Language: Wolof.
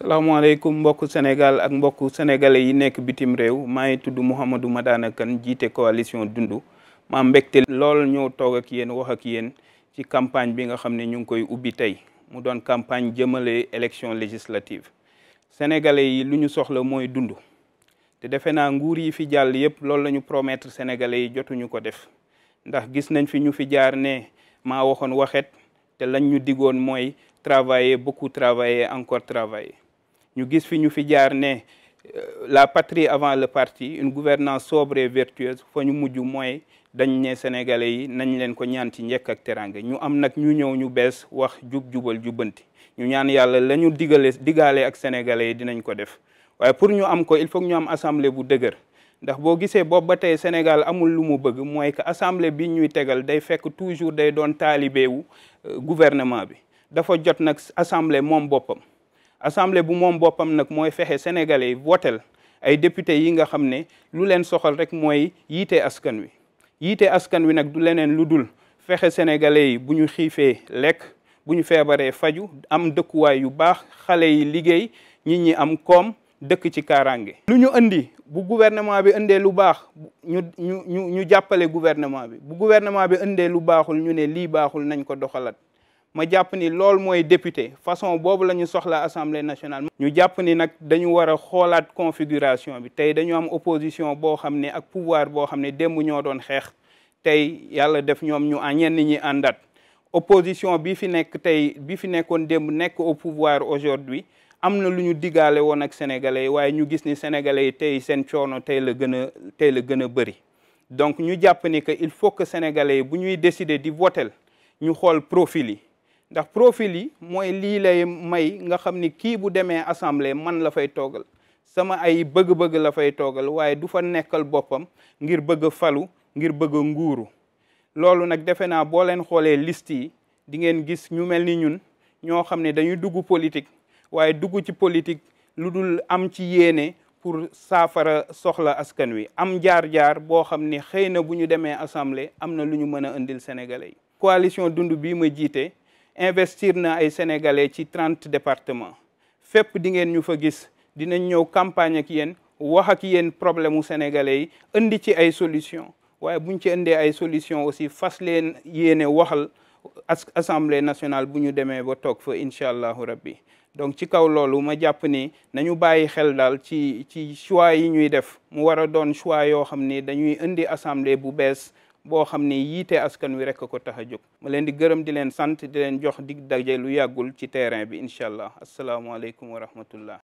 salaamaaleykum mbokku Sénégal ak mbokku sénégalais yi nekk bitim réew maa ngi tudd Mouhamadou Madana Kane jiite coalition Dundu maa mbégte lool ñëw toog ak yéen wax ak yéen ci campagne bi nga xam ne ñu ngi koy ubbi tey mu doon campagne jëmale élection législative sénégalais yi lu ñu soxla mooy dund te defe naa nguur yi fi jàll yépp loolu la ñu promettre sénégalais yi jotuñu ko def ndax gis nañ fi ñu fi jaar ne maa waxoon waxet te lañ ñu digoon mooy travailler beaucoup travailler encore travailler ñu gis fi ñu fi jaar ne euh, la patrie avant le parti une gouvernance sobre et vertueuse fa ñu mujj mooy dañ ne sénégalais yi nañ leen ko ñaan ci njëkk ak teranga ñu am nag ñu ñëw ñu bees wax jub jubal jubanti ñu ñaan yàlla lañu digale digaale ak sénégalais yi dinañ ko def waaye pour ñu am ko il faut ñu am assemblée bu dëgër ndax boo gisee boobu ba tey Sénégal amul lu mu bëgg mooy que assemblée bi ñuy tegal day fekk toujours day doon taalibeewu euh, gouvernement bi dafa jot nag assemblée moom boppam assemblée bu moom boppam nag mooy fexe sénégalais yi votel ay député yi nga xam ne lu leen soxal rek mooy yiite askan wi yiite askan wi nag du leneen lu dul fexe sénégalais yi bu ñu xiifee lekk bu ñu feebaree faju am dëkkuwaay yu baax xale yi liggéey ñi ñi am koom dëkk ci kaaraange. lu ñu indi bu gouvernement bi indee lu baax ñu ñu ñu ñu jàppale gouvernement bi bu gouvernement bi indee lu baaxul ñu ne lii baaxul nañ ko doxalaat. ma jàpp ni loolu mooy député façon boobu la ñu soxla assemblée nationale. ñu jàpp ni nag dañu war a xoolaat configuration bi tey dañu am opposition boo xam ne ak pouvoir boo xam ne démb ñoo doon xeex tey yàlla def ñoom ñu ñenn ñi àndaat. opposition bi fi nekk tey bi fi nekkoon démb nekk au pouvoir aujourd'hui am na lu ñu digaale woon ak sénégalais yi waaye ñu gis ni sénégalais yi tey seen coono tey la gën a tey la gën a bëri. donc ñu jàpp ni que il faut que sénégalais yi bu ñuy décider di voter ñu xool profil yi. ndax profil yi mooy lii lay may nga xam ni kii bu demee assemblée man la fay toogal sama ay bëgg-bëgg la fay toogal waaye du fa nekkal boppam ngir bëgg falu ngir bëgg nguuru loolu nag defe naa boo leen xoolee liste yi dingeen gis ñu mel ni ñun ñoo xam ne dañuy dugg politique waaye dugg ci politique lu dul am ci yéene pour saafara soxla askan wi am jaar-jaar boo xam ni xëy na bu ñu demee assemblée am na lu ñu mën a indil sénégalais yi. coalition dund bii ma jiite investir na ay sénégalais ci trente départements fépp di ngeen ñu fa gis dinañ ñëw campagne ak yéen wax ak yéen problème mu sénégalais yi indi ci ay solution waaye buñ ci indee ay solution aussi fas leen yéene waxal as assemblée nationale bu ñu demee ba toog fa incha allahu rabbi donc ci kaw loolu ma jàpp ni nañu bàyyi xel daal ci ci choix yi ñuy def mu war a doon choix yoo xam ni dañuy indi assemblée bu bees boo xam ne yiite askan wi rekk ko tax a jóg ma leen di gërëm di leen sant di leen jox dig daje lu yàggul ci terrain bi incha allah asalaamualeykum wa rahmatullah